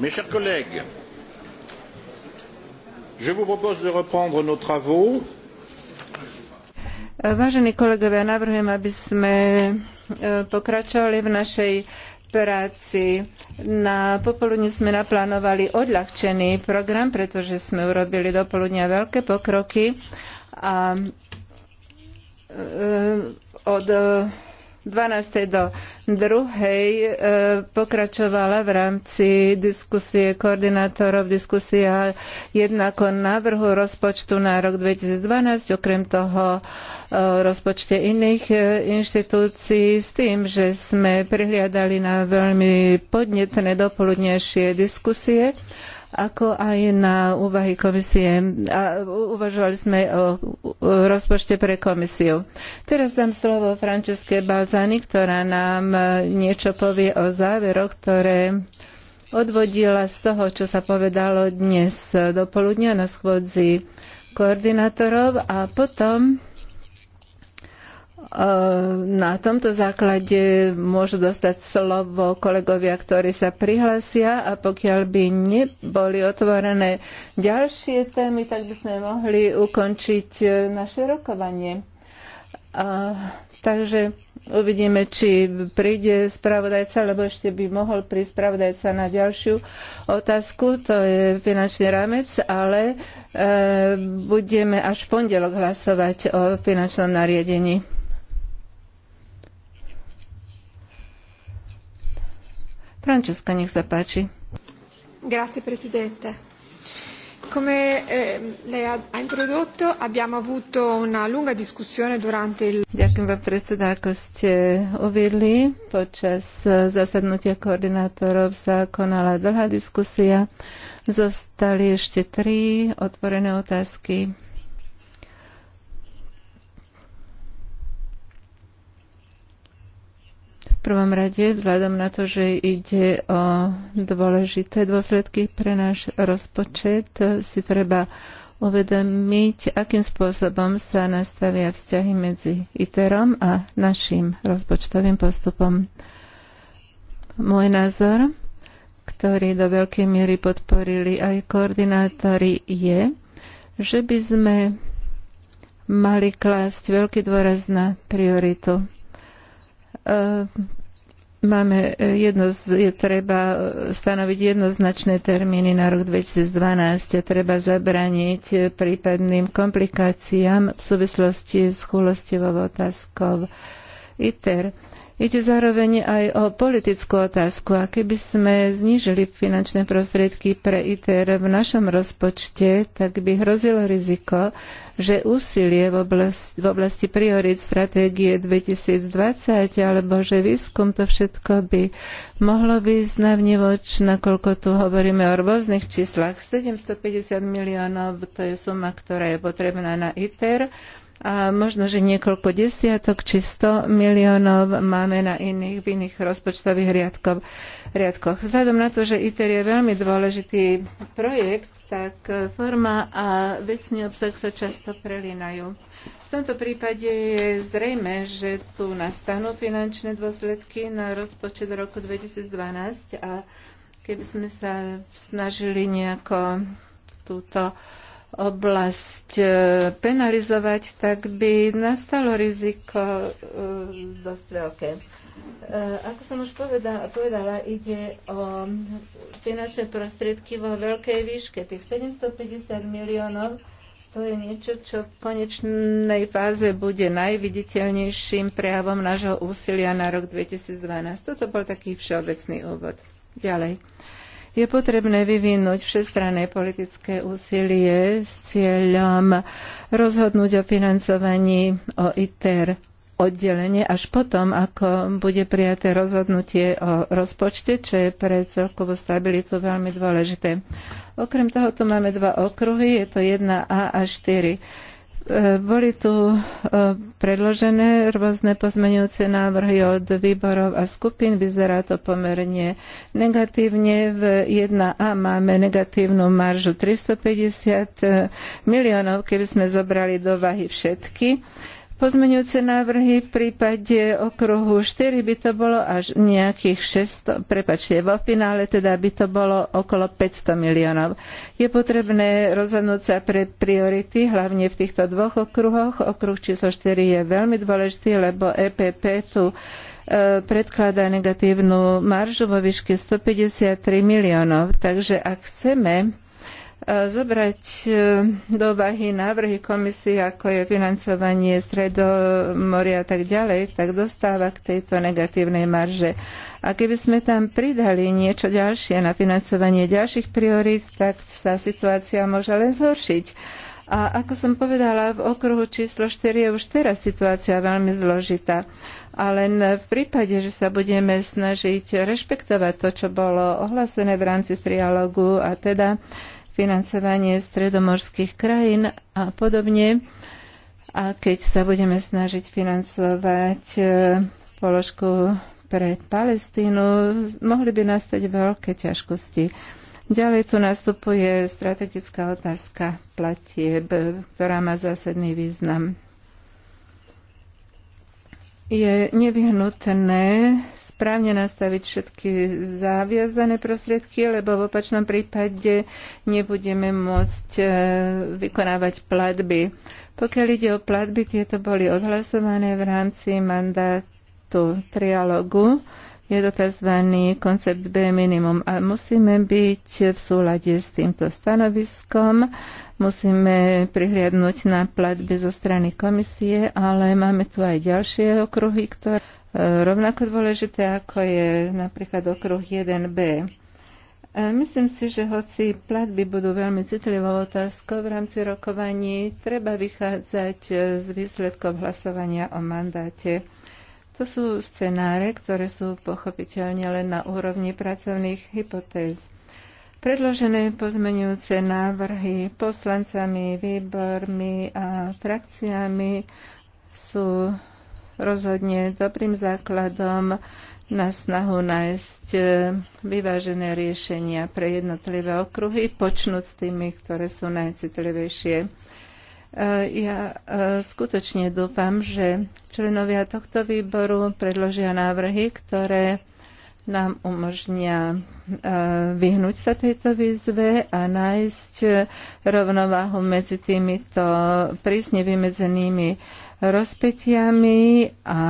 Mes chers collègues, je vous propose de reprendre nos travaux. Vážení kolegovia, navrhujem, aby sme e, pokračovali v našej práci. Na popoludní sme naplánovali odľahčený program, pretože sme urobili do poludnia veľké pokroky a e, od 12. do 2. E, pokračovala v rámci diskusie koordinátorov diskusia jednak o návrhu rozpočtu na rok 2012, okrem toho e, rozpočte iných e, inštitúcií s tým, že sme prihliadali na veľmi podnetné dopoludnejšie diskusie ako aj na úvahy komisie. A uvažovali sme o rozpočte pre komisiu. Teraz dám slovo Franceske Balzani, ktorá nám e, niečo povie o záveroch, ktoré odvodila z toho, čo sa povedalo dnes e, do poludnia na schôdzi koordinátorov a potom E, na tomto základe môžu dostať slovo kolegovia, ktorí sa prihlasia a pokiaľ by neboli otvorené ďalšie témy, tak by sme mohli ukončiť e, naše rokovanie. A, takže uvidíme, či príde spravodajca, lebo ešte by mohol prísť spravodajca na ďalšiu otázku, to je finančný rámec, ale e, budeme až v pondelok hlasovať o finančnom nariadení. Francesca, nech sa páči. Grazie, presidente. Come eh, lei ha introdotto, abbiamo avuto una lunga discussione durante il... Ďakujem vám, predseda, ako ste uvidli. Počas eh, zasadnutia koordinátorov sa konala dlhá diskusia. Zostali ešte tri otvorené otázky. prvom rade, vzhľadom na to, že ide o dôležité dôsledky pre náš rozpočet, si treba uvedomiť, akým spôsobom sa nastavia vzťahy medzi ITERom a našim rozpočtovým postupom. Môj názor, ktorý do veľkej miery podporili aj koordinátori, je, že by sme mali klásť veľký dôraz na prioritu E, máme e, jedno, je treba e, stanoviť jednoznačné termíny na rok 2012 a treba zabrániť prípadným komplikáciám v súvislosti s chulostivou otázkou ITER. Ide zároveň aj o politickú otázku. A keby sme znížili finančné prostriedky pre ITER v našom rozpočte, tak by hrozilo riziko, že úsilie v oblasti, v oblasti priorit stratégie 2020 alebo že výskum to všetko by mohlo výsť na vnivoč, nakoľko tu hovoríme o rôznych číslach. 750 miliónov to je suma, ktorá je potrebná na ITER a možno, že niekoľko desiatok či 100 miliónov máme na iných, v iných rozpočtových riadkov, riadkoch. Vzhľadom na to, že ITER je veľmi dôležitý projekt, tak e, forma a vecný obsah sa často prelínajú. V tomto prípade je zrejme, že tu nastanú finančné dôsledky na rozpočet roku 2012 a keby sme sa snažili nejako túto uh, oblasť e, penalizovať, tak by nastalo riziko e, dosť veľké. E, ako som už povedala, povedala, ide o finančné prostriedky vo veľkej výške. Tých 750 miliónov to je niečo, čo v konečnej fáze bude najviditeľnejším prejavom nášho úsilia na rok 2012. Toto bol taký všeobecný úvod. Ďalej. Uh, je potrebné vyvinúť všestranné politické úsilie s cieľom rozhodnúť o financovaní o ITER oddelenie až potom, ako bude prijaté rozhodnutie o rozpočte, čo je pre celkovú stabilitu veľmi dôležité. Okrem toho tu máme dva okruhy, je to 1A a 4. E, boli tu e, predložené rôzne pozmeňujúce návrhy od výborov a skupín. Vyzerá to pomerne negatívne. V 1A máme negatívnu maržu 350 e, miliónov, keby sme zobrali do vahy všetky Pozmeňujúce návrhy v prípade okruhu 4 by to bolo až nejakých 600, prepačte, vo finále teda by to bolo okolo 500 miliónov. Je potrebné rozhodnúť sa pre priority, hlavne v týchto dvoch okruhoch. Okruh číslo 4 je veľmi dôležitý, lebo EPP tu e, predkladá negatívnu maržu vo výške 153 miliónov. Takže ak chceme zobrať eh, do váhy návrhy komisie, ako je financovanie stredomoria a tak ďalej, tak dostáva k tejto negatívnej marže. A keby sme tam pridali niečo ďalšie na financovanie ďalších priorít, tak sa situácia môže len zhoršiť. A ako som povedala, v okruhu číslo 4 je už teraz situácia veľmi zložitá. A len v prípade, že sa budeme snažiť rešpektovať to, čo bolo ohlásené v rámci trialógu a teda uh, financovanie stredomorských krajín a podobne. A keď sa budeme snažiť financovať e, položku pre Palestínu, mohli by nastať veľké ťažkosti. Ďalej tu nastupuje strategická otázka platieb, e, ktorá má zásadný význam je nevyhnutné správne nastaviť všetky zaviazané prostriedky, lebo v opačnom prípade nebudeme môcť e, vykonávať platby. Pokiaľ ide o platby, tieto boli odhlasované v rámci mandátu trialogu je to tzv. koncept B minimum a musíme byť v súlade s týmto stanoviskom, musíme prihliadnúť na platby zo strany komisie, ale máme tu aj ďalšie okruhy, ktoré e, rovnako dôležité, ako je napríklad okruh 1B. E, myslím si, že hoci platby budú veľmi citlivou otázkou v rámci rokovaní, treba vychádzať e, z výsledkov hlasovania o mandáte. To sú scenáre, ktoré sú pochopiteľne len na úrovni pracovných hypotéz. Predložené pozmenujúce návrhy poslancami, výbormi a frakciami sú rozhodne dobrým základom na snahu nájsť e, vyvážené riešenia pre jednotlivé okruhy, počnúť s tými, ktoré sú najcitlivejšie. E, ja e, skutočne dúfam, že členovia tohto výboru predložia návrhy, ktoré nám umožnia e, vyhnúť sa tejto výzve a nájsť rovnováhu medzi týmito prísne vymedzenými rozpetiami a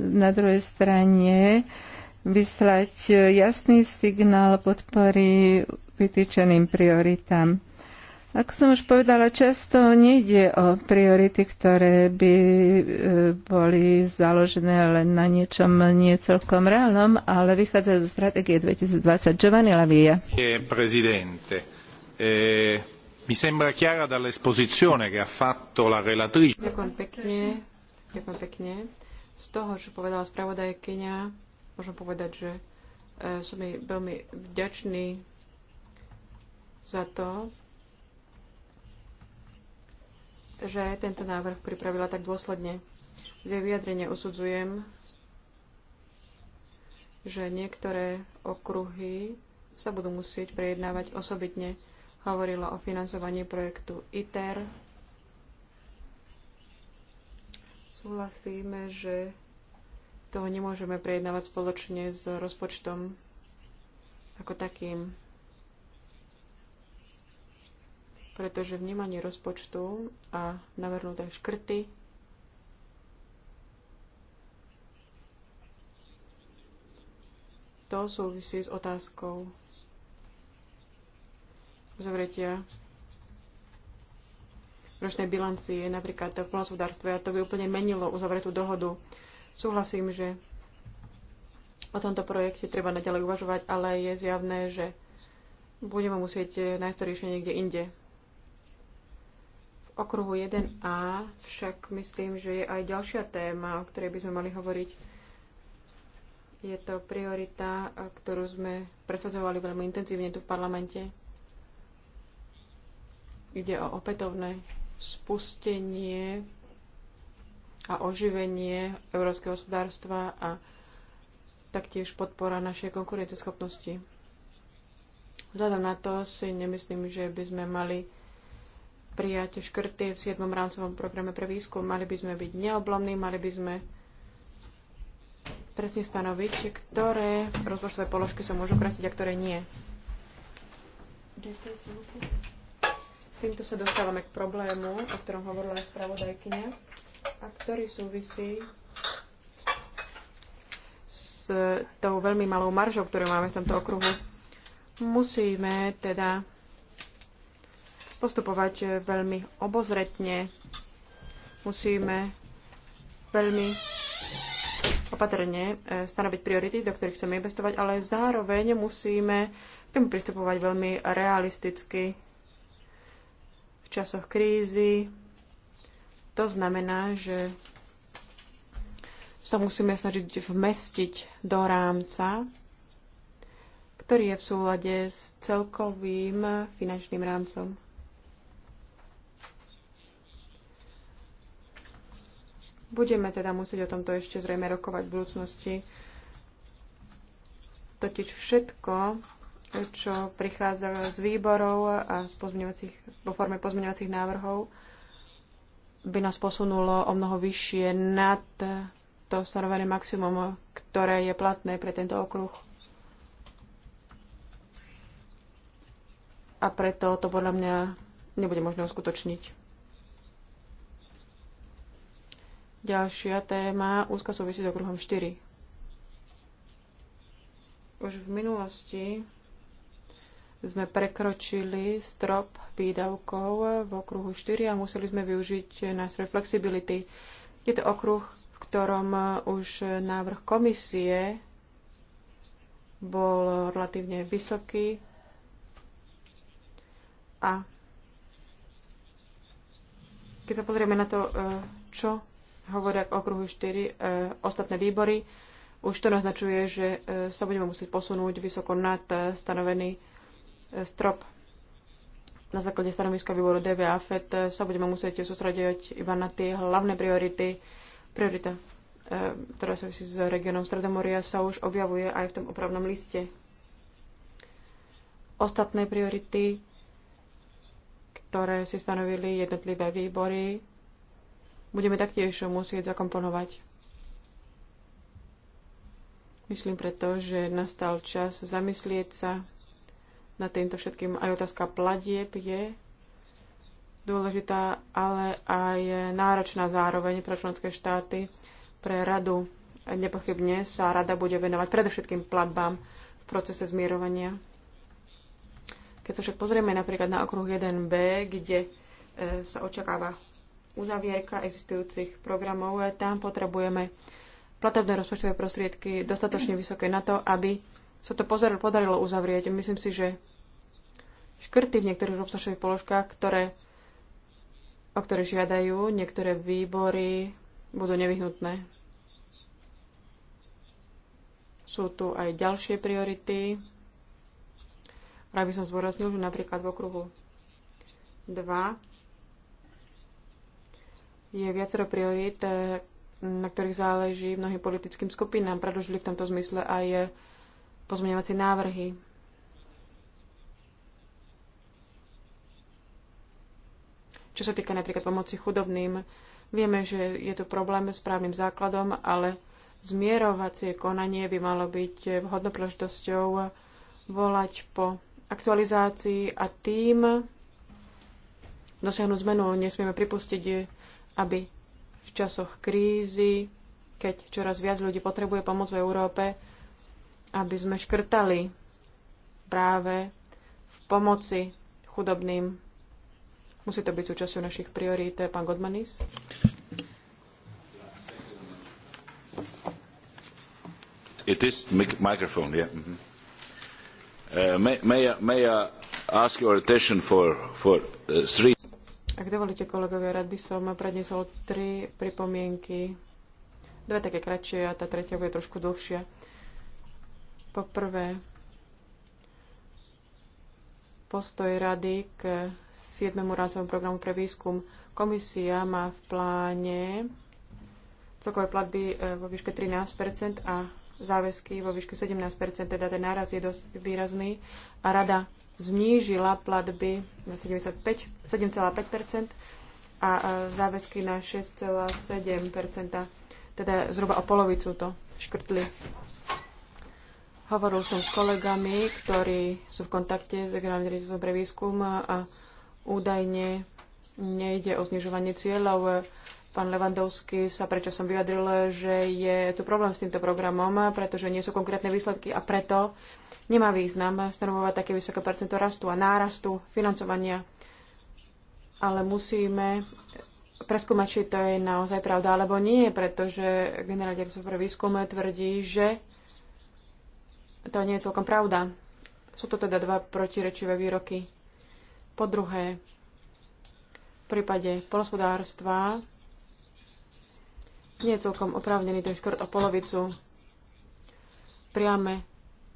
na druhej strane vyslať jasný signál podpory vytýčeným prioritám. Ako som už povedala, často nejde o priority, ktoré by e, boli založené len na niečom nie celkom reálnom, ale vychádzajú zo stratégie 2020. Giovanni Lavia. Prezidente, eh, mi sembra chiara dall'esposizione che ha fatto la relatrice. Ďakujem pekne. Ďakujem pekne. Z toho, čo povedala spravodajkyňa, môžem povedať, že e, som jej veľmi vďačný za to, že tento návrh pripravila tak dôsledne. Z jej vyjadrenia usudzujem, že niektoré okruhy sa budú musieť prejednávať osobitne. Hovorila o financovaní projektu ITER. Súhlasíme, že toho nemôžeme prejednávať spoločne s rozpočtom ako takým. pretože vnímanie rozpočtu a navrhnuté škrty to súvisí s otázkou uzavretia ročnej bilancie napríklad v plnospodárstve a to by úplne menilo uzavretú dohodu. Súhlasím, že o tomto projekte treba naďalej uvažovať, ale je zjavné, že budeme musieť nájsť riešenie niekde inde okruhu 1a však myslím, že je aj ďalšia téma, o ktorej by sme mali hovoriť. Je to priorita, ktorú sme presadzovali veľmi intenzívne tu v parlamente. Ide o opätovné spustenie a oživenie európskeho hospodárstva a taktiež podpora našej konkurenceschopnosti. Vzhľadom na to si nemyslím, že by sme mali prijať škrty v 7. rámcovom programe pre výskum. Mali by sme byť neoblomní, mali by sme presne stanoviť, ktoré rozpočtové položky sa môžu krátiť a ktoré nie. Týmto sa dostávame k problému, o ktorom hovorila aj spravodajkyňa a ktorý súvisí s tou veľmi malou maržou, ktorú máme v tomto okruhu. Musíme teda postupovať eh, veľmi obozretne. Musíme veľmi opatrne eh, stanoviť priority, do ktorých chceme investovať, ale zároveň musíme k tomu pristupovať veľmi realisticky v časoch krízy. To znamená, že sa musíme snažiť vmestiť do rámca, ktorý je v súlade s celkovým finančným rámcom. Budeme teda musieť o tomto ešte zrejme rokovať v budúcnosti. Totiž všetko, čo prichádza z výborov a z vo forme pozmeňovacích návrhov, by nás posunulo o mnoho vyššie nad to stanovené maximum, ktoré je platné pre tento okruh. A preto to podľa mňa nebude možné uskutočniť. Ďalšia téma úzko súvisí s okruhom 4. Už v minulosti sme prekročili strop výdavkov v okruhu 4 a museli sme využiť nástroj flexibility. Je to okruh, v ktorom už návrh komisie bol relatívne vysoký a keď sa pozrieme na to, eh, čo hovoria k okruhu 4 e, ostatné výbory. Už to naznačuje, že e, sa budeme musieť posunúť vysoko nad e, stanovený e, strop. Na základe stanoviska výboru DVA FED e, sa budeme musieť sústrediť iba na tie hlavné priority. Priorita, e, ktorá súvisí s regionom Stredomoria, sa už objavuje aj v tom opravnom liste. Ostatné priority, ktoré si stanovili jednotlivé výbory, budeme taktiež musieť zakomponovať. Myslím preto, že nastal čas zamyslieť sa nad týmto všetkým. Aj otázka platieb je dôležitá, ale aj náročná zároveň pre členské štáty, pre radu. Nepochybne sa rada bude venovať predovšetkým platbám v procese zmierovania. Keď sa však pozrieme napríklad na okruh 1b, kde e, sa očakáva uzavierka existujúcich programov. E, tam potrebujeme platobné rozpočtové prostriedky dostatočne vysoké na to, aby sa to podarilo uzavrieť. Myslím si, že škrty v niektorých obsahových položkách, ktoré, o ktoré žiadajú niektoré výbory, budú nevyhnutné. Sú tu aj ďalšie priority. Rád by som zvoraznil, že napríklad v okruhu 2 je viacero priorít, eh, na ktorých záleží mnohým politickým skupinám. Predložili v tomto zmysle aj eh, pozmeňovacie návrhy. Čo sa týka napríklad pomoci chudobným, vieme, že je tu problém s právnym základom, ale zmierovacie konanie by malo byť eh, vhodnou príležitosťou volať po aktualizácii a tým dosiahnuť zmenu. Nesmieme pripustiť, aby v časoch krízy, keď čoraz viac ľudí potrebuje pomoc v Európe, aby sme škrtali práve v pomoci chudobným. Musí to byť súčasťou našich priorít. Pán Godmanis. It is mic microphone, yeah. Mm -hmm. uh, may, may, I, may I ask your attention for, for uh, three dovolíte, kolegovia, rád by som prednesol tri pripomienky. Dve také kratšie a tá tretia bude trošku dlhšia. Poprvé, postoj rady k 7. rámcovom programu pre výskum. Komisia má v pláne celkové platby eh, vo výške 13 a záväzky vo výške 17 teda ten náraz je dosť výrazný a rada znížila platby na 7,5 a záväzky na 6,7 teda zhruba o polovicu to škrtli. Hovoril som s kolegami, ktorí sú v kontakte s regionálnym riaditeľstvom pre výskum a údajne nejde o znižovanie cieľov Pán Levandovský sa prečo som vyjadril, že je tu problém s týmto programom, pretože nie sú konkrétne výsledky a preto nemá význam stanovovať také vysoké percento rastu a nárastu financovania. Ale musíme preskúmať, či to je naozaj pravda alebo nie, pretože generál pre výskum tvrdí, že to nie je celkom pravda. Sú to teda dva protirečivé výroky. Po druhé, v prípade polospodárstva nie je celkom oprávnený, to je skôr o polovicu. Priame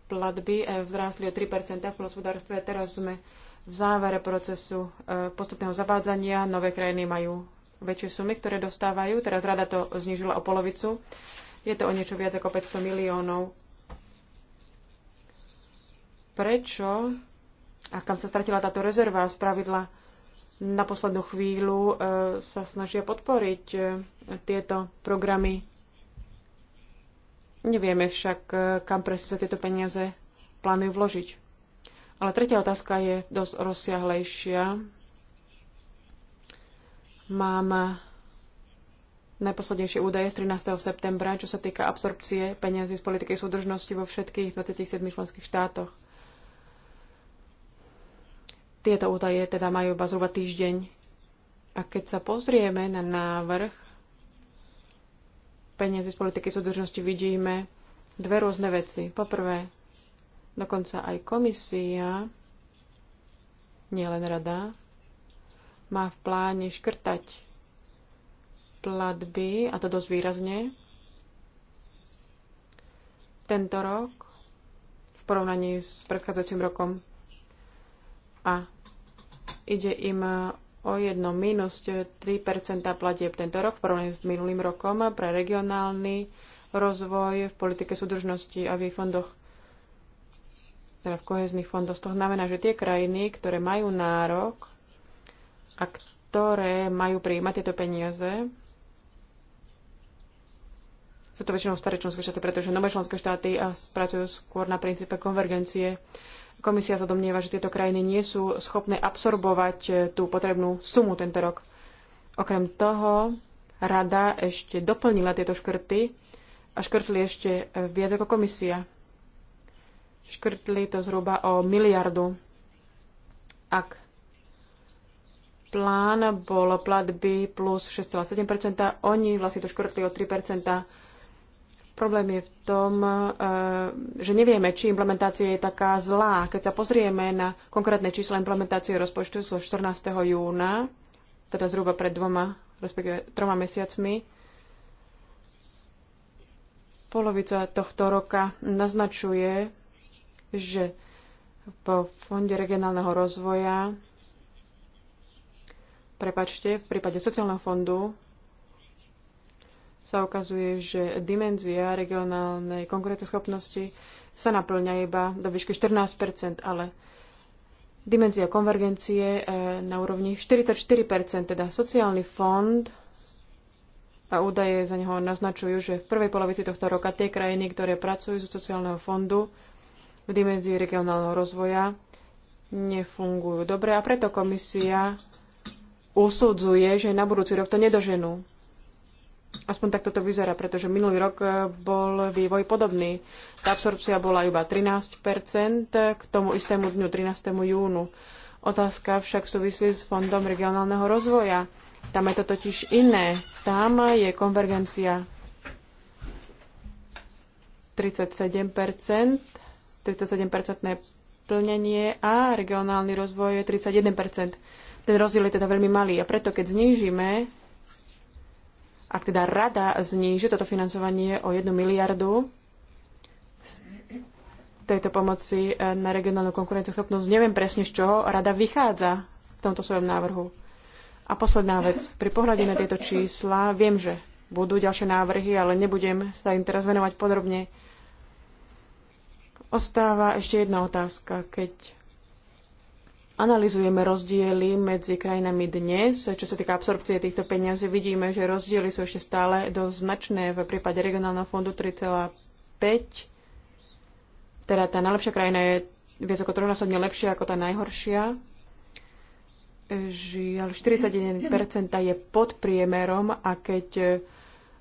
platby eh, vzrástli o 3% v hospodárstve. Teraz sme v závere procesu eh, postupného zavádzania. Nové krajiny majú väčšie sumy, ktoré dostávajú. Teraz rada to znižila o polovicu. Je to o niečo viac ako 500 miliónov. Prečo? A kam sa stratila táto rezerva z pravidla? na poslednú chvíľu e, sa snažia podporiť e, tieto programy. Nevieme však, e, kam presne sa tieto peniaze plánujú vložiť. Ale tretia otázka je dosť rozsiahlejšia. Mám najposlednejšie údaje z 13. septembra, čo sa týka absorpcie peniazy z politiky súdržnosti vo všetkých 27 členských štátoch. Tieto údaje teda majú iba zhruba týždeň. A keď sa pozrieme na návrh peniazy z politiky súdržnosti, vidíme dve rôzne veci. Poprvé, dokonca aj komisia, nielen rada, má v pláne škrtať platby, a to dosť výrazne, tento rok v porovnaní s predchádzajúcim rokom a ide im o jedno minus 3 platieb tento rok porovne porovnaní s minulým rokom pre regionálny rozvoj v politike súdržnosti a v jej fondoch, teda v kohezných fondoch. To znamená, že tie krajiny, ktoré majú nárok a ktoré majú prijímať tieto peniaze, sú to väčšinou staré členské štáty, pretože nové členské štáty a spracujú skôr na princípe konvergencie Komisia sa domnieva, že tieto krajiny nie sú schopné absorbovať e, tú potrebnú sumu tento rok. Okrem toho, rada ešte doplnila tieto škrty a škrtli ešte e, viac ako komisia. Škrtli to zhruba o miliardu. Ak plán bol platby plus 6,7%, oni vlastne to škrtli o 3%. Problém je v tom, e, že nevieme, či implementácia je taká zlá. Keď sa pozrieme na konkrétne čísla implementácie rozpočtu zo so 14. júna, teda zhruba pred dvoma, respektíve troma mesiacmi, polovica tohto roka naznačuje, že po Fonde regionálneho rozvoja, prepačte, v prípade sociálneho fondu sa ukazuje, že dimenzia regionálnej konkurenceschopnosti sa naplňa iba do výšky 14 ale dimenzia konvergencie e, na úrovni 44 teda sociálny fond a údaje za neho naznačujú, že v prvej polovici tohto roka tie krajiny, ktoré pracujú zo sociálneho fondu v dimenzii regionálneho rozvoja, nefungujú dobre a preto komisia usudzuje, že na budúci rok to nedoženú. Aspoň takto to vyzerá, pretože minulý rok e, bol vývoj podobný. Tá absorpcia bola iba 13 k tomu istému dňu, 13. júnu. Otázka však súvisí s Fondom regionálneho rozvoja. Tam je to totiž iné. Tam je konvergencia 37 37-percentné plnenie a regionálny rozvoj je 31 Ten rozdiel je teda veľmi malý a preto, keď znížime a teda rada zníži toto financovanie o 1 miliardu z tejto pomoci eh, na regionálnu konkurenceschopnosť, neviem presne z čoho rada vychádza v tomto svojom návrhu. A posledná vec. Pri pohľade na tieto čísla viem, že budú ďalšie návrhy, ale nebudem sa im teraz venovať podrobne. Ostáva ešte jedna otázka. Keď analizujeme rozdiely medzi krajinami dnes, čo sa týka absorpcie týchto peniazí, vidíme, že rozdiely sú ešte stále dosť značné. V prípade regionálneho fondu 3,5, teda tá najlepšia krajina je viac ako trojnásobne lepšia ako tá najhoršia. Žiaľ, 41% je pod priemerom a keď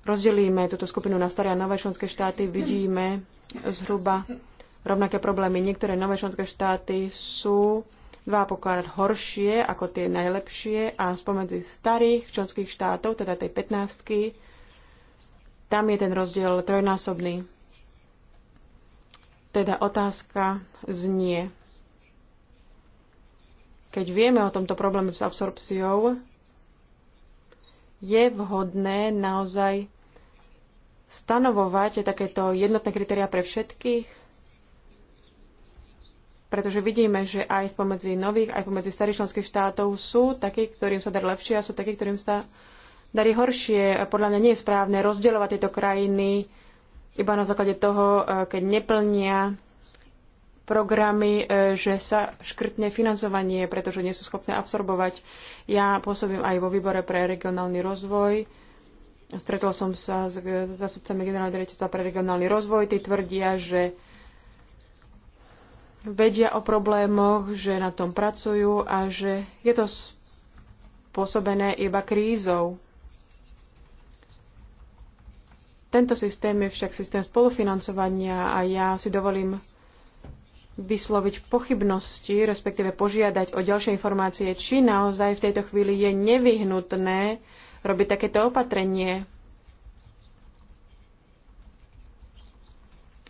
rozdelíme túto skupinu na staré a nové členské štáty, vidíme zhruba rovnaké problémy. Niektoré nové členské štáty sú poklad horšie ako tie najlepšie a spomedzi starých členských štátov, teda tej 15 tam je ten rozdiel trojnásobný. Teda otázka znie. Keď vieme o tomto probléme s absorpciou, je vhodné naozaj stanovovať takéto jednotné kritéria pre všetkých? pretože vidíme, že aj spomedzi nových, aj pomedzi starých členských štátov sú takí, ktorým sa darí lepšie a sú takí, ktorým sa darí horšie. Podľa mňa nie je správne rozdielovať tieto krajiny iba na základe toho, e, keď neplnia programy, e, že sa škrtne financovanie, pretože nie sú schopné absorbovať. Ja pôsobím aj vo výbore pre regionálny rozvoj. Stretol som sa s e, zástupcami generálneho riaditeľstva pre regionálny rozvoj. Tí tvrdia, že vedia o problémoch, že na tom pracujú a že je to spôsobené iba krízou. Tento systém je však systém spolufinancovania a ja si dovolím vysloviť pochybnosti, respektíve požiadať o ďalšie informácie, či naozaj v tejto chvíli je nevyhnutné robiť takéto opatrenie.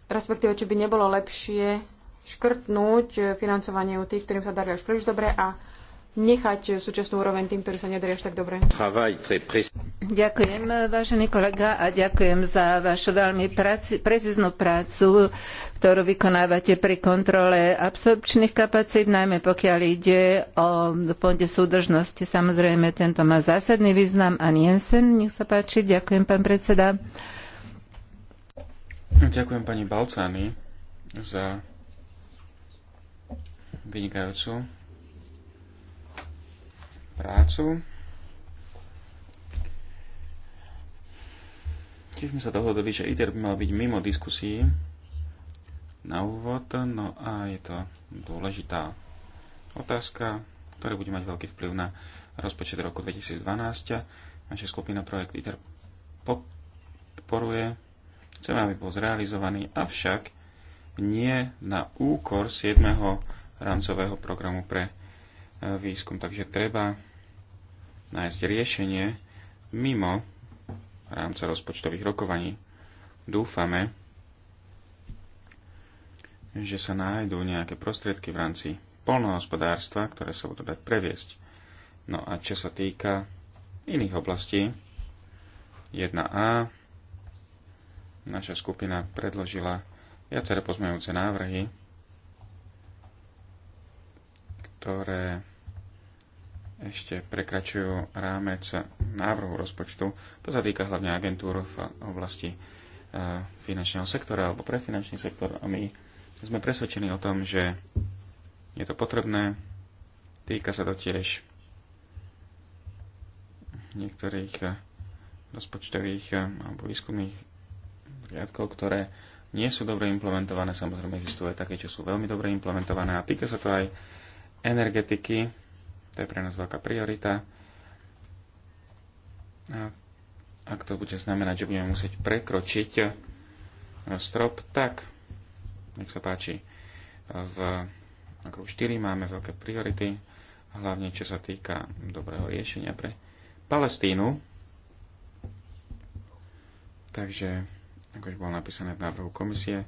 Respektíve, či by nebolo lepšie škrtnúť financovanie u tých, ktorým sa darí až príliš dobre a nechať súčasnú úroveň tým, ktorí sa nedarí až tak dobre. Ďakujem, vážený kolega, a ďakujem za vašu veľmi práci, precíznu prácu, ktorú vykonávate pri kontrole absorpčných kapacít, najmä pokiaľ ide o fonde súdržnosti. Samozrejme, tento má zásadný význam. A Jensen, nech sa páči. Ďakujem, pán predseda. Ďakujem pani Balcány za vynikajúcu prácu. Tiež sme sa dohodli, že ITER by mal byť mimo diskusí na úvod, no a je to dôležitá otázka, ktorá bude mať veľký vplyv na rozpočet roku 2012. Naša skupina projekt ITER podporuje. Chceme, aby bol zrealizovaný, avšak nie na úkor 7 rámcového programu pre e, výskum. Takže treba nájsť riešenie mimo rámca rozpočtových rokovaní. Dúfame, že sa nájdú nejaké prostriedky v rámci polnohospodárstva, ktoré sa budú dať previesť. No a čo sa týka iných oblastí, 1a, naša skupina predložila viaceré pozmejúce návrhy, ktoré ešte prekračujú rámec návrhu rozpočtu. To sa týka hlavne agentúr v oblasti e, finančného sektora alebo pre finančný sektor a my sme presvedčení o tom, že je to potrebné. Týka sa to tiež niektorých e, rozpočtových e, alebo výskumných riadkov, ktoré nie sú dobre implementované. Samozrejme existuje také, čo sú veľmi dobre implementované a týka sa to aj energetiky. To je pre nás veľká priorita. A ak to bude znamenať, že budeme musieť prekročiť e, strop, tak nech sa páči. E, v okruhu 4 máme veľké priority, hlavne čo sa týka dobrého riešenia pre Palestínu. Takže, ako už bolo napísané v návrhu komisie,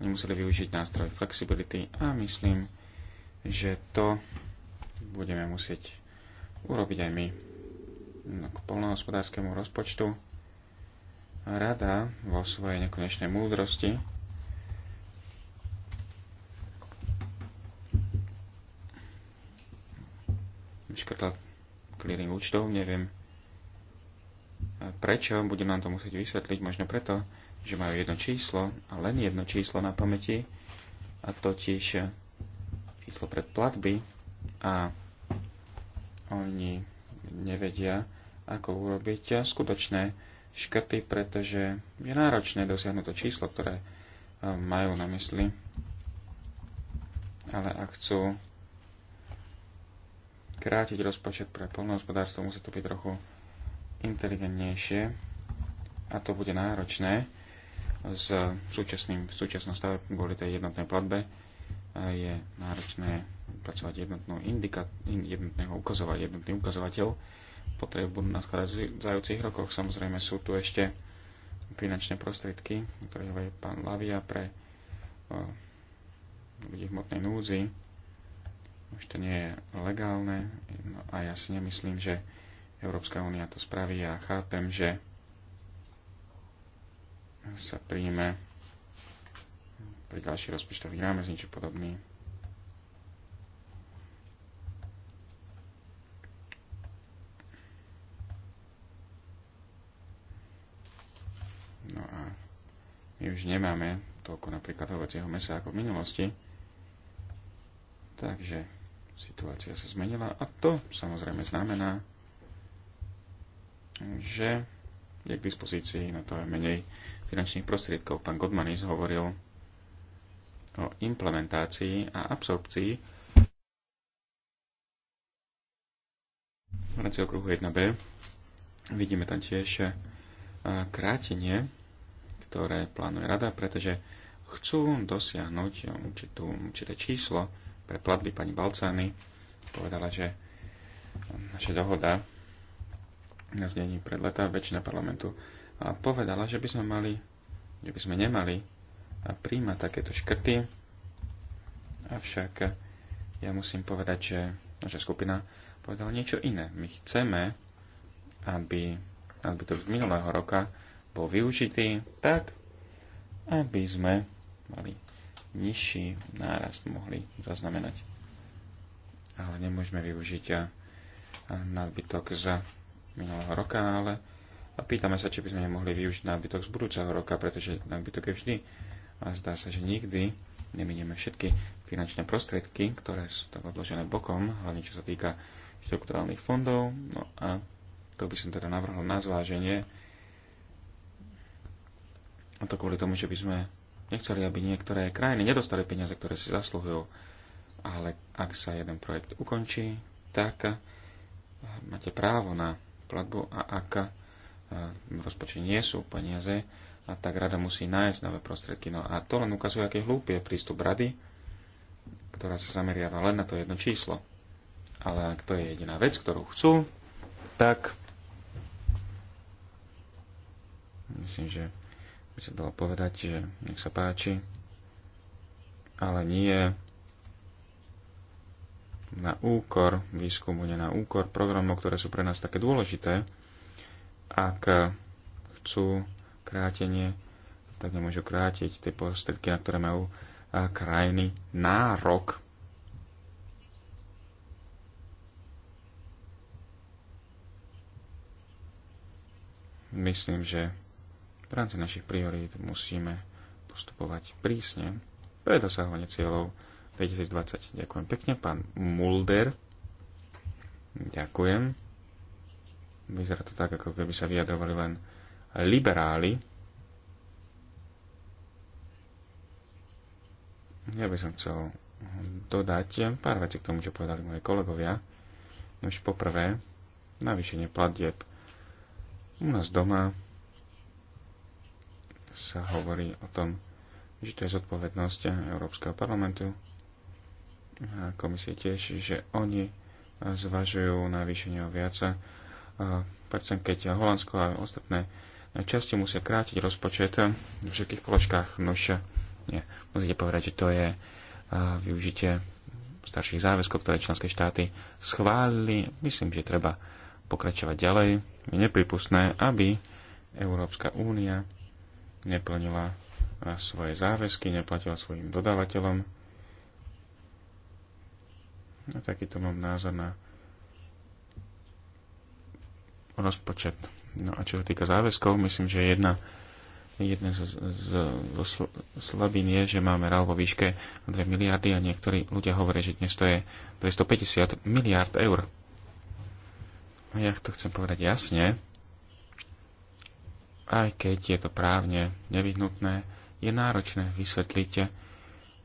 oni museli využiť nástroj flexibility a myslím, že to budeme musieť urobiť aj my. No, k polnohospodárskému rozpočtu rada vo svojej nekonečnej múdrosti škrtla clearing účtov, neviem prečo, budem nám to musieť vysvetliť, možno preto, že majú jedno číslo a len jedno číslo na pamäti a totiž číslo pred platby a oni nevedia, ako urobiť skutočné škrty, pretože je náročné dosiahnuť to číslo, ktoré eh, majú na mysli. Ale ak chcú krátiť rozpočet pre polnohospodárstvo, musí to byť trochu inteligentnejšie a to bude náročné s súčasným, v súčasnom stave kvôli tej jednotnej platbe je náročné pracovať jednotnú indika, jednotného ukazovať, jednotný ukazovateľ potreb budú na schádzajúcich rokoch. Samozrejme sú tu ešte finančné prostriedky, ktoré hovorí pán Lavia pre o, ľudí v hmotnej núzi. Už to nie je legálne no a ja si nemyslím, že Európska únia to spraví a chápem, že sa príjme pre ďalší rozpočtový rámec, niečo podobný. No a my už nemáme toľko napríklad hovacieho mesa ako v minulosti. Takže situácia sa zmenila a to samozrejme znamená, že je k dispozícii na to aj menej finančných prostriedkov. Pán Godmanis hovoril o implementácii a absorpcii v rámci okruhu 1b. Vidíme tam tiež e, krátenie, ktoré plánuje rada, pretože chcú dosiahnuť určitú, určité číslo pre platby pani Balcány. Povedala, že naša dohoda na zdení pred leta väčšina parlamentu povedala, že by sme mali, že by sme nemali a príjma takéto škrty. Avšak ja musím povedať, že naša skupina povedala niečo iné. My chceme, aby nábytok z minulého roka bol využitý tak, aby sme mali nižší nárast mohli zaznamenať. Ale nemôžeme využiť nadbytok z minulého roka, ale a pýtame sa, či by sme nemohli využiť nadbytok z budúceho roka, pretože nadbytok je vždy a zdá sa, že nikdy neminieme všetky finančné prostriedky, ktoré sú tam odložené bokom, hlavne čo sa týka štrukturálnych fondov. No a to by som teda navrhol na zváženie. A to kvôli tomu, že by sme nechceli, aby niektoré krajiny nedostali peniaze, ktoré si zasluhujú. Ale ak sa jeden projekt ukončí, tak eh, máte právo na platbu a ak eh, v rozpočte nie sú peniaze, a tak rada musí nájsť nové prostriedky. No a to len ukazuje, aký hlúpy je prístup rady, ktorá sa zameriava len na to jedno číslo. Ale ak to je jediná vec, ktorú chcú, tak myslím, že by sa dalo povedať, že nech sa páči, ale nie na úkor výskumu, nie na úkor programov, ktoré sú pre nás také dôležité, ak chcú krátenie, tak nemôžu krátiť tie prostriedky, na ktoré majú krajiny nárok. Myslím, že v rámci našich priorít musíme postupovať prísne pre dosahovanie cieľov 2020. Ďakujem pekne, pán Mulder. Ďakujem. Vyzerá to tak, ako keby sa vyjadrovali len liberáli. Ja by som chcel dodať pár vecí k tomu, čo povedali moje kolegovia. Už poprvé, navýšenie platieb. U nás doma sa hovorí o tom, že to je zodpovednosť Európskeho parlamentu a komisie tiež, že oni zvažujú navýšenie o viac eh, percent, keď Holandsko a ostatné časti musia krátiť rozpočet v všetkých položkách. Nož, nie, musíte povedať, že to je eh, využitie starších záväzkov, ktoré členské štáty schválili. Myslím, že treba pokračovať ďalej. Je nepripustné, aby Európska únia neplnila eh, svoje záväzky, neplatila svojim dodávateľom. A takýto mám názor na rozpočet No a čo sa týka záväzkov, myslím, že jedna, jedna z, z, z slabín je, že máme RAL vo výške 2 miliardy a niektorí ľudia hovoria, že dnes to je 250 miliard eur. A ja to chcem povedať jasne, aj keď je to právne nevyhnutné, je náročné vysvetliť,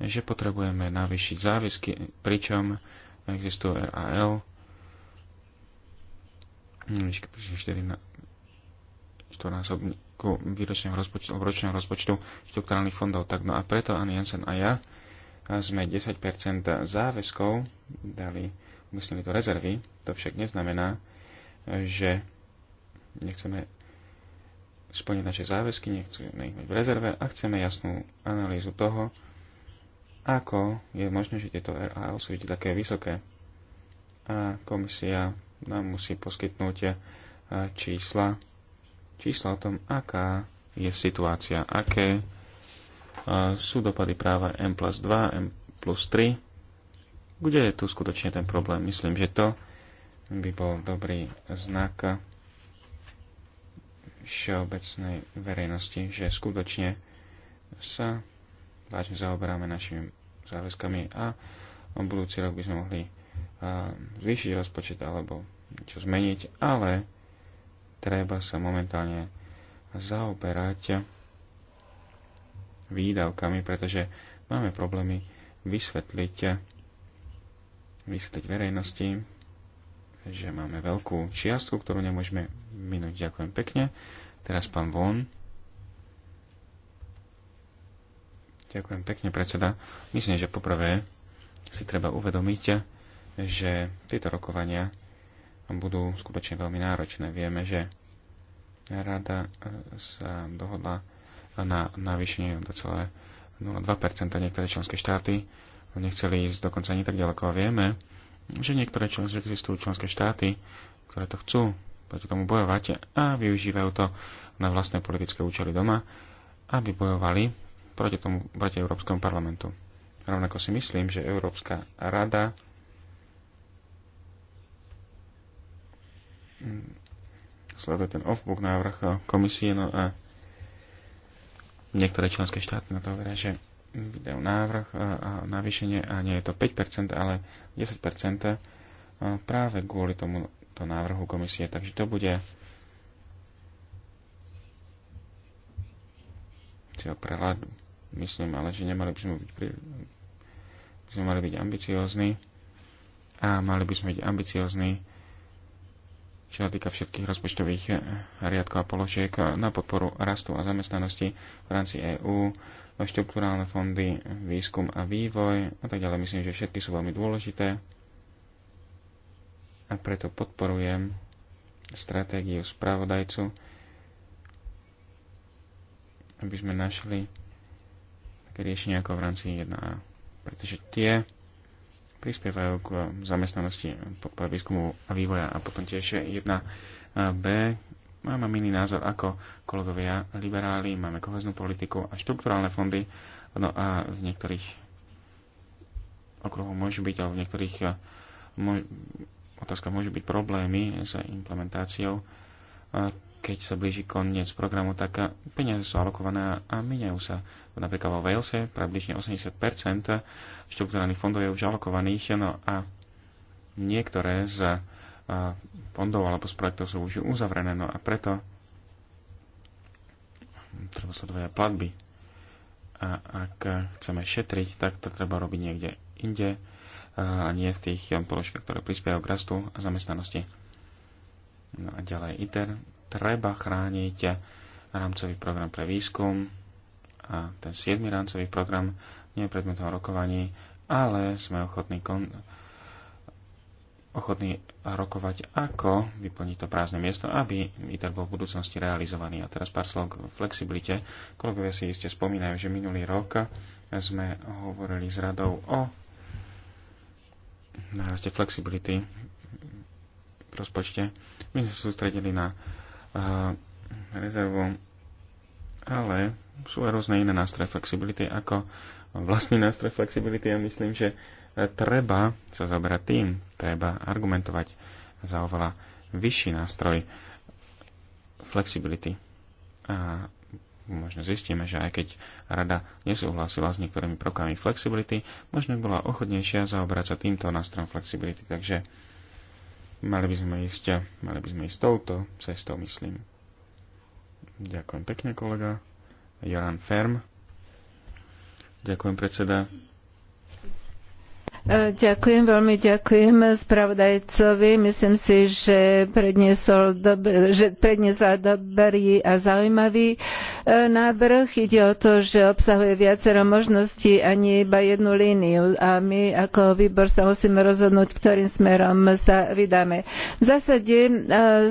že potrebujeme navýšiť záväzky, pričom existuje RAL, štvornásobku výročného rozpočtu, ročného rozpočtu štrukturálnych fondov. Tak no a preto ani Jansen a ja sme 10% záväzkov dali, umiestnili do rezervy. To však neznamená, že nechceme splniť naše záväzky, nechceme ich mať v rezerve a chceme jasnú analýzu toho, ako je možné, že tieto RAL sú také vysoké. A komisia nám musí poskytnúť eh, čísla, čísla o tom, aká je situácia, aké e, sú dopady práva M plus 2, M plus 3, kde je tu skutočne ten problém. Myslím, že to by bol dobrý znak všeobecnej verejnosti, že skutočne sa vážne zaoberáme našimi záväzkami a budúci rok by sme mohli e, zvýšiť rozpočet alebo niečo zmeniť, ale treba sa momentálne zaoberať výdavkami, pretože máme problémy vysvetliť, vysvetliť verejnosti, že máme veľkú čiastku, ktorú nemôžeme minúť. Ďakujem pekne. Teraz pán Von. Ďakujem pekne, predseda. Myslím, že poprvé si treba uvedomiť, že tieto rokovania budú skutočne veľmi náročné. Vieme, že rada e, sa dohodla na navýšenie 2,02%. Niektoré členské štáty nechceli ísť dokonca ani tak ďaleko. Vieme, že niektoré členské, existujú členské štáty, ktoré to chcú proti tomu bojovať a využívajú to na vlastné politické účely doma, aby bojovali proti tomu proti Európskom parlamentu. Rovnako si myslím, že Európska rada Mm. sleduje ten off-book návrh komisie, no a niektoré členské štáty na to hovoria, že vydajú návrh a navýšenie a nie je to 5%, ale 10% práve kvôli tomu to návrhu komisie. Takže to bude cieľ prehľadu. Myslím, ale že nemali by sme byť pri... by sme mali byť ambiciózni a mali by sme byť ambiciózni čo sa týka všetkých rozpočtových eh, riadkov a položiek eh, na podporu rastu a zamestnanosti v rámci EÚ, štruktúrálne fondy, výskum a vývoj a tak ďalej. Myslím, že všetky sú veľmi dôležité a preto podporujem stratégiu spravodajcu, aby sme našli také riešenie ako v rámci 1A, pretože tie prispievajú k zamestnanosti podpore výskumu a vývoja. A potom tiež jedna b máme iný názor ako kolegovia liberáli, máme koheznú politiku a štrukturálne fondy, no a v niektorých okruhoch môžu byť, alebo v niektorých môž, otázkach môžu byť problémy s implementáciou keď sa blíži koniec programu, tak peniaze sú alokované a miniajú sa. Napríklad vo Walese približne 80 štruktúrnych fondov je už alokovaných, no a niektoré z fondov alebo z projektov sú už uzavrené, no a preto treba sa dvoja platby. A ak chceme šetriť, tak to treba robiť niekde inde a nie v tých položkách, ktoré prispievajú k rastu a zamestnanosti. No a ďalej ITER treba chrániť rámcový program pre výskum a ten 7. rámcový program nie je predmetom rokovaní, ale sme ochotní, kon- ochotní rokovať, ako vyplniť to prázdne miesto, aby ITER bol v budúcnosti realizovaný. A teraz pár slov k flexibilite. Kolegovia si iste spomínajú, že minulý rok sme hovorili s radou o naraste flexibility v rozpočte. My sme sa sústredili na rezervu, ale sú aj rôzne iné nástroje flexibility ako vlastný nástroj flexibility ja myslím, že treba sa zaoberať tým, treba argumentovať za oveľa vyšší nástroj flexibility. A možno zistíme, že aj keď rada nesúhlasila s niektorými prvkami flexibility, možno by bola ochotnejšia zaobrať sa týmto nástrojom flexibility. Takže Mali by sme ísť, mali by sme ísť touto cestou, myslím. Ďakujem pekne, kolega. Joran Ferm. Ďakujem, predseda. E, ďakujem, veľmi ďakujem spravodajcovi. Myslím si, že, predniesol dob- že predniesla dobrý a zaujímavý e, návrh. Ide o to, že obsahuje viacero možností a nie iba jednu líniu. A my ako výbor sa musíme rozhodnúť, ktorým smerom sa vydáme. V zásade e,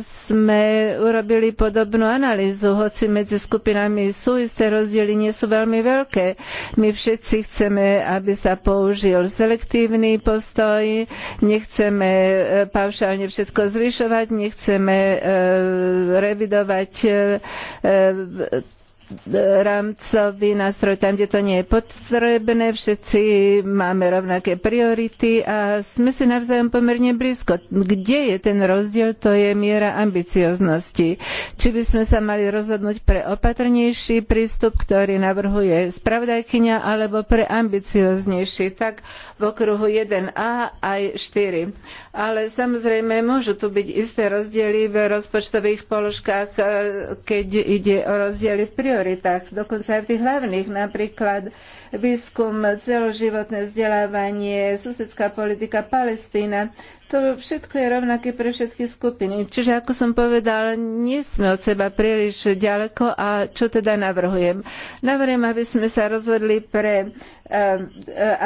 sme urobili podobnú analýzu, hoci medzi skupinami sú isté rozdiely, nie sú veľmi veľké. My všetci chceme, aby sa použil selektívny konštruktívny postoj, nechceme e, paušálne všetko zvyšovať, nechceme e, revidovať e, rámcový nástroj tam, kde to nie je potrebné. Všetci máme rovnaké priority a sme si navzájom pomerne blízko. Kde je ten rozdiel, to je miera ambicioznosti. Či by sme sa mali rozhodnúť pre opatrnejší prístup, ktorý navrhuje spravodajkyňa, alebo pre ambicioznejší, tak v okruhu 1a aj 4 ale samozrejme môžu tu byť isté rozdiely v rozpočtových položkách, e, keď ide o rozdiely v prioritách, dokonca aj v tých hlavných, napríklad výskum, celoživotné vzdelávanie, susedská politika Palestína. To všetko je rovnaké pre všetky skupiny. Čiže ako som povedal, nie sme od seba príliš ďaleko a čo teda navrhujem? Navrhujem, aby sme sa rozhodli pre eh, eh,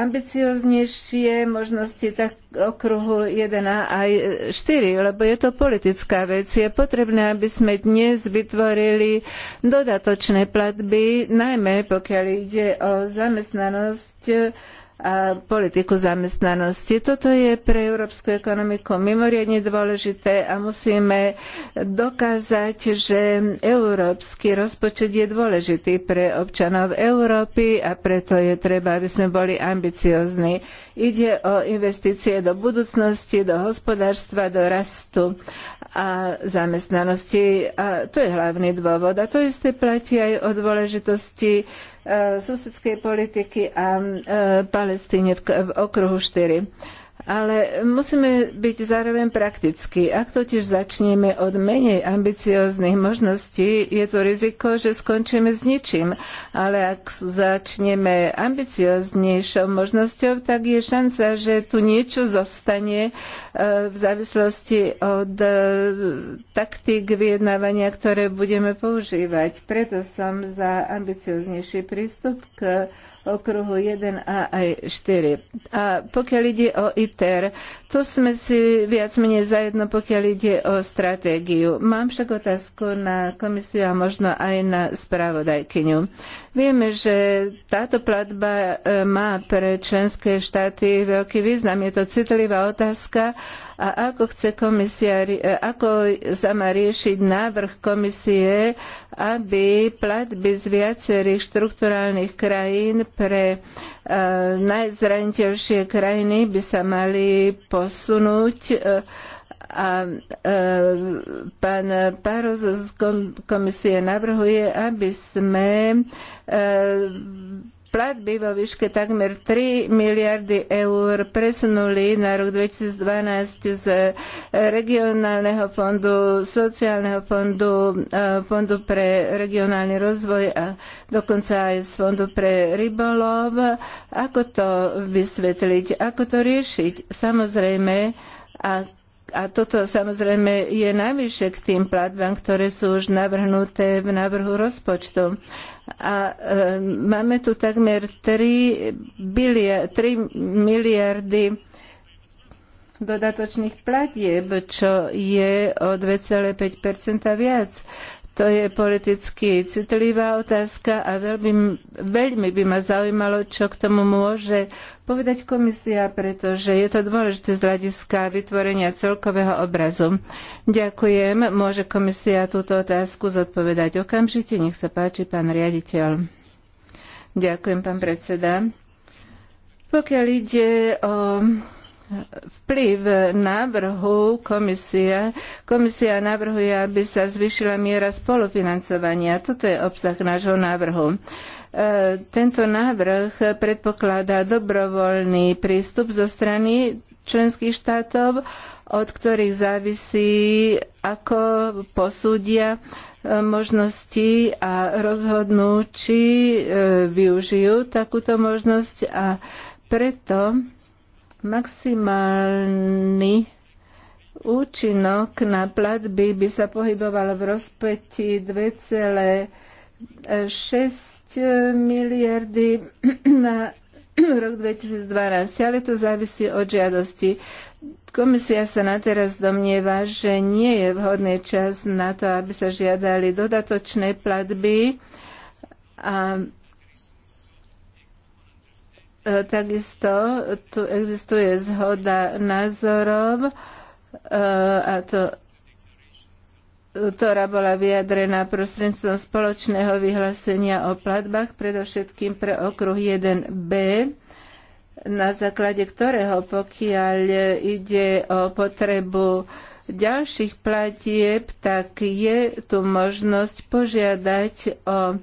ambicioznejšie možnosti tak okruhu 1A aj 4, lebo je to politická vec. Je potrebné, aby sme dnes vytvorili dodatočné platby, najmä pokiaľ ide o zamestnanosť a politiku zamestnanosti. Toto je pre európsku ekonomiku mimoriadne dôležité a musíme dokázať, že európsky rozpočet je dôležitý pre občanov Európy a preto je treba, aby sme boli ambiciozni. Ide o investície do budúcnosti, do hospodárstva, do rastu a zamestnanosti. A to je hlavný dôvod. A to isté platí aj o dôležitosti E, susedskej politiky a e, Palestíne v okruhu 4. Ale musíme byť zároveň praktickí. Ak totiž začneme od menej ambicióznych možností, je to riziko, že skončíme s ničím. Ale ak začneme ambicioznejšou možnosťou, tak je šanca, že tu niečo zostane e, v závislosti od e, taktík vyjednávania, ktoré budeme používať. Preto som za ambicioznejší prístup k okruhu 1A aj 4. A pokiaľ ide o ITER, to sme si viac menej zajedno, pokiaľ ide o stratégiu. Mám však otázku na komisiu a možno aj na spravodajkyňu. Vieme, že táto platba e, má pre členské štáty veľký význam. Je to citlivá otázka a ako chce komisia, e, ako sa má riešiť návrh komisie, aby platby z viacerých štrukturálnych krajín pre e, najzraniteľšie krajiny by sa mali po posunúť e, a e, pán Páros z komisie navrhuje, aby sme e, platby vo výške takmer 3 miliardy eur presunuli na rok 2012 z e, regionálneho fondu, sociálneho fondu, e, fondu pre regionálny rozvoj a dokonca aj z fondu pre rybolov. Ako to vysvetliť? Ako to riešiť? Samozrejme, ak a toto samozrejme je najvyššie k tým platbám, ktoré sú už navrhnuté v návrhu rozpočtu. A e, máme tu takmer 3, bilia, 3 miliardy dodatočných platieb, čo je o 2,5 viac. To je politicky citlivá otázka a veľmi, veľmi by ma zaujímalo, čo k tomu môže povedať komisia, pretože je to dôležité z hľadiska vytvorenia celkového obrazu. Ďakujem. Môže komisia túto otázku zodpovedať okamžite. Nech sa páči, pán riaditeľ. Ďakujem, pán predseda. Pokiaľ ide o vplyv návrhu komisie. Komisia navrhuje, aby sa zvyšila miera spolufinancovania. Toto je obsah nášho návrhu. E, tento návrh predpokladá dobrovoľný prístup zo strany členských štátov, od ktorých závisí, ako posúdia e, možnosti a rozhodnú, či e, využijú takúto možnosť a preto Maximálny účinok na platby by sa pohyboval v rozpeti 2,6 miliardy na rok 2012, ale to závisí od žiadosti. Komisia sa na teraz domnieva, že nie je vhodný čas na to, aby sa žiadali dodatočné platby a E, takisto tu existuje zhoda názorov e, a to ktorá bola vyjadrená prostredstvom spoločného vyhlásenia o platbách, predovšetkým pre okruh 1b, na základe ktorého, pokiaľ ide o potrebu ďalších platieb, tak je tu možnosť požiadať o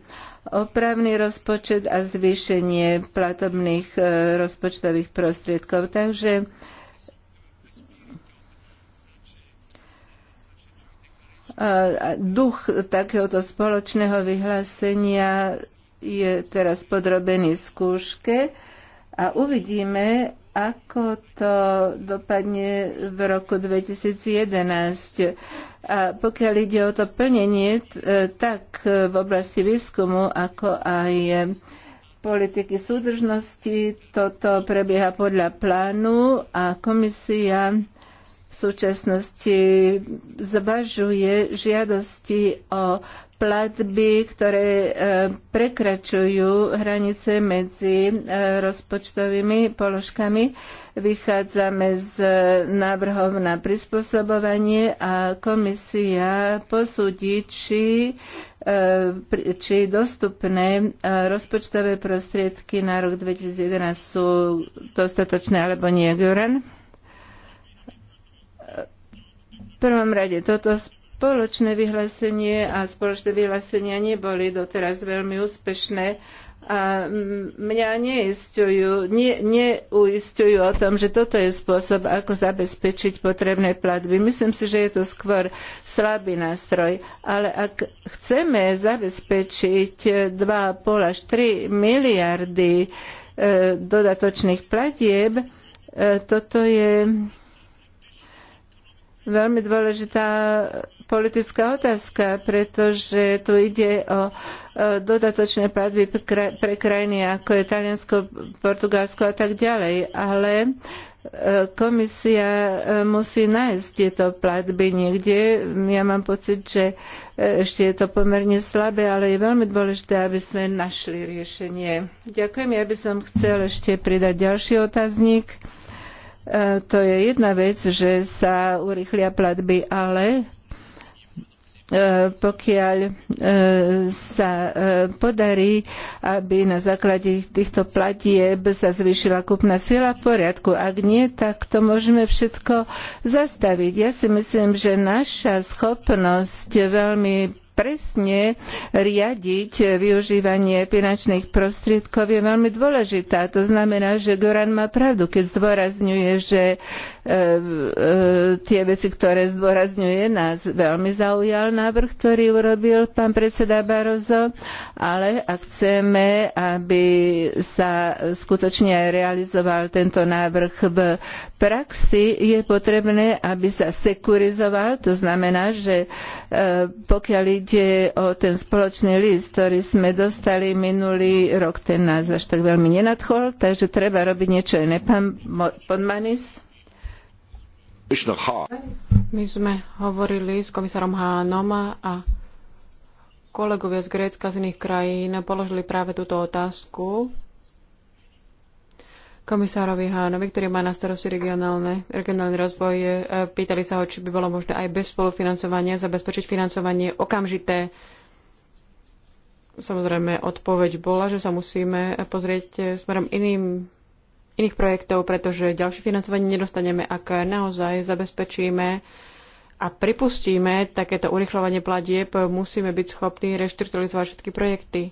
opravný rozpočet a zvýšenie platobných e, rozpočtových prostriedkov. Takže e, duch takéhoto spoločného vyhlásenia je teraz podrobený skúške a uvidíme, ako to dopadne v roku 2011. A pokiaľ ide o to plnenie, e, tak v oblasti výskumu, ako aj politiky súdržnosti, toto prebieha podľa plánu a komisia v súčasnosti zvažuje žiadosti o platby, ktoré e, prekračujú hranice medzi e, rozpočtovými položkami. Vychádzame z e, návrhov na prispôsobovanie a komisia posúdi, či, či dostupné rozpočtové prostriedky na rok 2011 sú dostatočné alebo nie. V prvom rade toto spoločné vyhlásenie a spoločné vyhlásenia neboli doteraz veľmi úspešné a mňa neuistujú, ne, neuistujú o tom, že toto je spôsob, ako zabezpečiť potrebné platby. Myslím si, že je to skôr slabý nástroj, ale ak chceme zabezpečiť 2,5 až 3 miliardy e, dodatočných platieb, e, toto je veľmi dôležitá politická otázka, pretože tu ide o dodatočné platby pre krajiny ako je Taliansko, Portugalsko a tak ďalej, ale e, komisia e, musí nájsť tieto platby niekde. Ja mám pocit, že e, ešte je to pomerne slabé, ale je veľmi dôležité, aby sme našli riešenie. Ďakujem, ja by som chcel ešte pridať ďalší otáznik. To je jedna vec, že sa urýchlia platby, ale E, pokiaľ e, sa e, podarí, aby na základe týchto platieb sa zvýšila kúpna sila v poriadku. Ak nie, tak to môžeme všetko zastaviť. Ja si myslím, že naša schopnosť veľmi presne riadiť využívanie finančných prostriedkov je veľmi dôležitá. To znamená, že Goran má pravdu, keď zdôrazňuje, že E, e, tie veci, ktoré zdôrazňuje, nás veľmi zaujal návrh, ktorý urobil pán predseda Barozo, ale ak chceme, aby sa skutočne aj realizoval tento návrh v praxi, je potrebné, aby sa sekurizoval, to znamená, že e, pokiaľ ide o ten spoločný list, ktorý sme dostali minulý rok, ten nás až tak veľmi nenadchol, takže treba robiť niečo iné. Pán Podmanis? My sme hovorili s komisárom Hánom a kolegovia z Grécka z iných krajín položili práve túto otázku komisárovi Hánovi, ktorý má na starosti regionálny rozvoj. E, pýtali sa ho, či by bolo možné aj bez spolufinancovania zabezpečiť financovanie okamžité. Samozrejme, odpoveď bola, že sa musíme pozrieť e, smerom iným iných projektov, pretože ďalšie financovanie nedostaneme, ak naozaj zabezpečíme a pripustíme takéto urychľovanie platieb, musíme byť schopní reštrukturalizovať všetky projekty.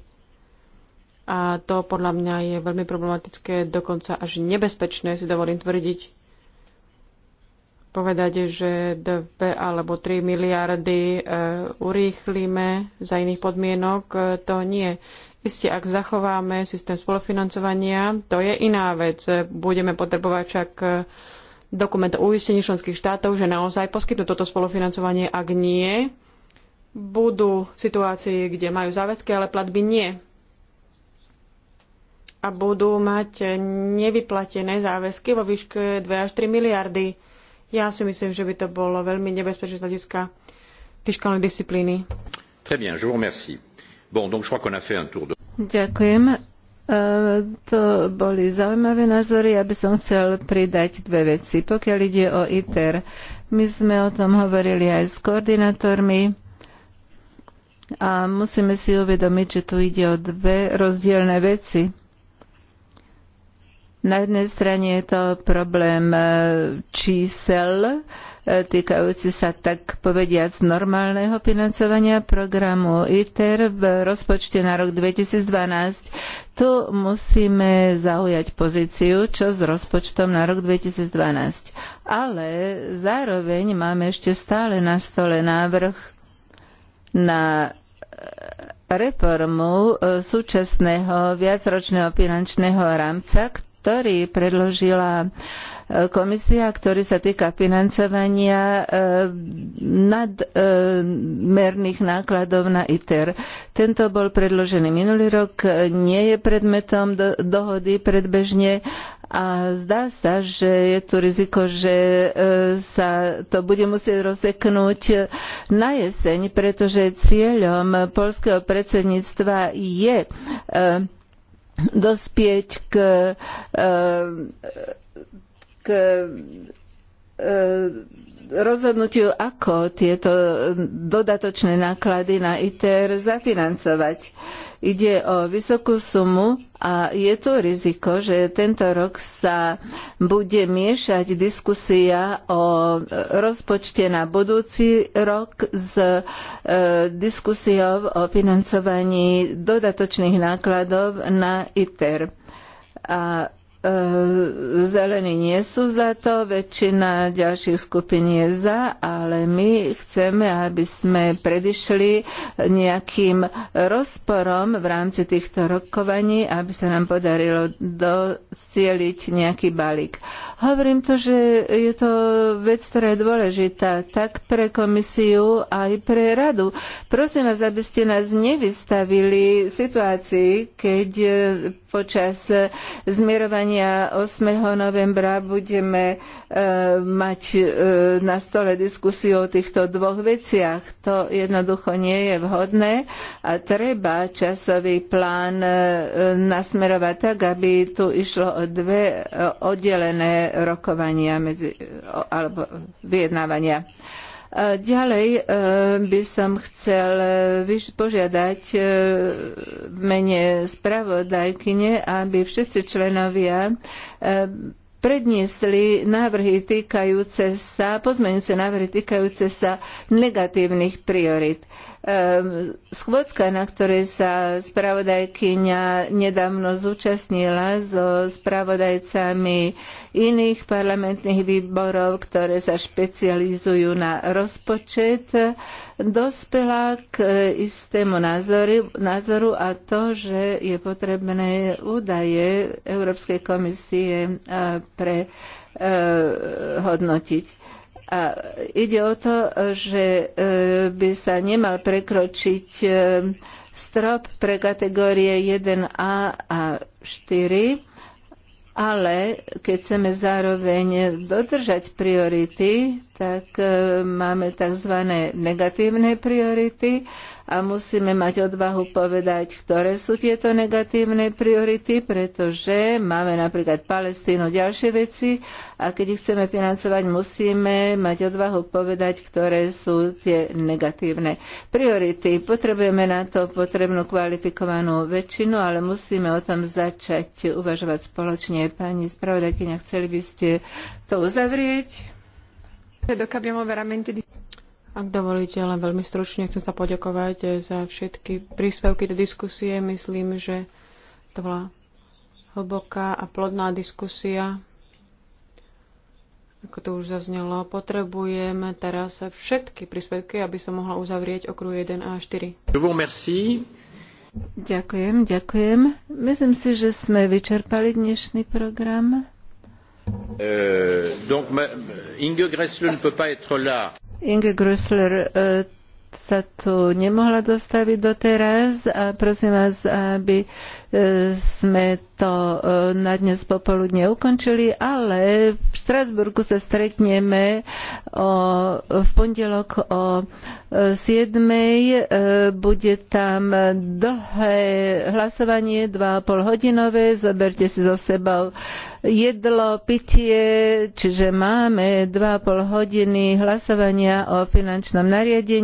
A to podľa mňa je veľmi problematické, dokonca až nebezpečné, si dovolím tvrdiť. Povedať, že 2 alebo 3 miliardy e, urýchlíme za iných podmienok, e, to nie. Isté, ak zachováme systém spolufinancovania, to je iná vec. Budeme potrebovať však e, dokument o uistení členských štátov, že naozaj poskytnú toto spolufinancovanie. Ak nie, budú situácie, kde majú záväzky, ale platby nie. A budú mať nevyplatené záväzky vo výške 2 až 3 miliardy. Ja si myslím, že by to bolo veľmi nebezpečné z hľadiska fiskálnej disciplíny. Très bien, je vous remercie. Bon, donc je crois qu'on a fait un tour de... Ďakujem. E, to boli zaujímavé názory. Ja by som chcel pridať dve veci. Pokiaľ ide o ITER, my sme o tom hovorili aj s koordinátormi a musíme si uvedomiť, že tu ide o dve rozdielne veci. Na jednej strane je to problém e, čísel, týkajúci sa tak povediac normálneho financovania programu ITER v rozpočte na rok 2012. Tu musíme zaujať pozíciu, čo s rozpočtom na rok 2012. Ale zároveň máme ešte stále na stole návrh na e, reformu e, súčasného viacročného finančného rámca, ktorý predložila komisia, ktorý sa týka financovania e, nadmerných nákladov na ITER. Tento bol predložený minulý rok, nie je predmetom dohody predbežne a zdá sa, že je tu riziko, že e, sa to bude musieť rozseknúť na jeseň, pretože cieľom polského predsedníctva je e, dospieť k k e, rozhodnutiu, ako tieto dodatočné náklady na ITER zafinancovať. Ide o vysokú sumu a je tu riziko, že tento rok sa bude miešať diskusia o rozpočte na budúci rok s e, diskusiou o financovaní dodatočných nákladov na ITER. A Ehm, zelení nie sú za to, väčšina ďalších skupín je za, ale my chceme, aby sme predišli nejakým rozporom v rámci týchto rokovaní, aby sa nám podarilo docieliť nejaký balík. Hovorím to, že je to vec, ktorá je dôležitá tak pre komisiu, aj pre radu. Prosím vás, aby ste nás nevystavili situácii, keď eh, počas eh, zmierovania rokovania 8. novembra budeme e, mať e, na stole diskusiu o týchto dvoch veciach. To jednoducho nie je vhodné a treba časový plán e, nasmerovať tak, aby tu išlo o dve oddelené rokovania medzi, alebo vyjednávania. Ďalej e, by som chcel e, požiadať e, v mene spravodajkyne, aby všetci členovia predniesli návrhy týkajúce sa, pozmeňujúce návrhy týkajúce sa negatívnych priorit. Ehm, schôdzka, na ktorej sa spravodajkyňa nedávno zúčastnila so spravodajcami iných parlamentných výborov, ktoré sa špecializujú na rozpočet, dospela k e, istému názoru, názoru a to, že je potrebné údaje Európskej komisie e, pre e, hodnotiť. A ide o to, že by sa nemal prekročiť strop pre kategórie 1A a 4 ale keď chceme zároveň dodržať priority, tak e, máme tzv. negatívne priority a musíme mať odvahu povedať, ktoré sú tieto negatívne priority, pretože máme napríklad Palestínu ďalšie veci a keď ich chceme financovať, musíme mať odvahu povedať, ktoré sú tie negatívne priority. Potrebujeme na to potrebnú kvalifikovanú väčšinu, ale musíme o tom začať uvažovať spoločne. Pani spravodajkyňa, chceli by ste to uzavrieť? Ak dovolíte, len veľmi stručne chcem sa poďakovať za všetky príspevky do diskusie. Myslím, že to bola hlboká a plodná diskusia. Ako to už zaznelo, potrebujeme teraz všetky príspevky, aby som mohla uzavrieť okruh 1 a 4. Ďakujem, ďakujem. Myslím si, že sme vyčerpali dnešný program. Euh, donc, Inge Gressler ne peut pas être là. Inge euh, sa tu nemohla dostaviť doteraz a prosím vás, aby e, sme to e, na dnes popoludne ukončili, ale v Štrasburgu sa stretneme o, v pondelok o 7. E, bude tam dlhé hlasovanie, 2,5 hodinové, zoberte si so sebou jedlo, pitie, čiže máme 2,5 hodiny hlasovania o finančnom nariadení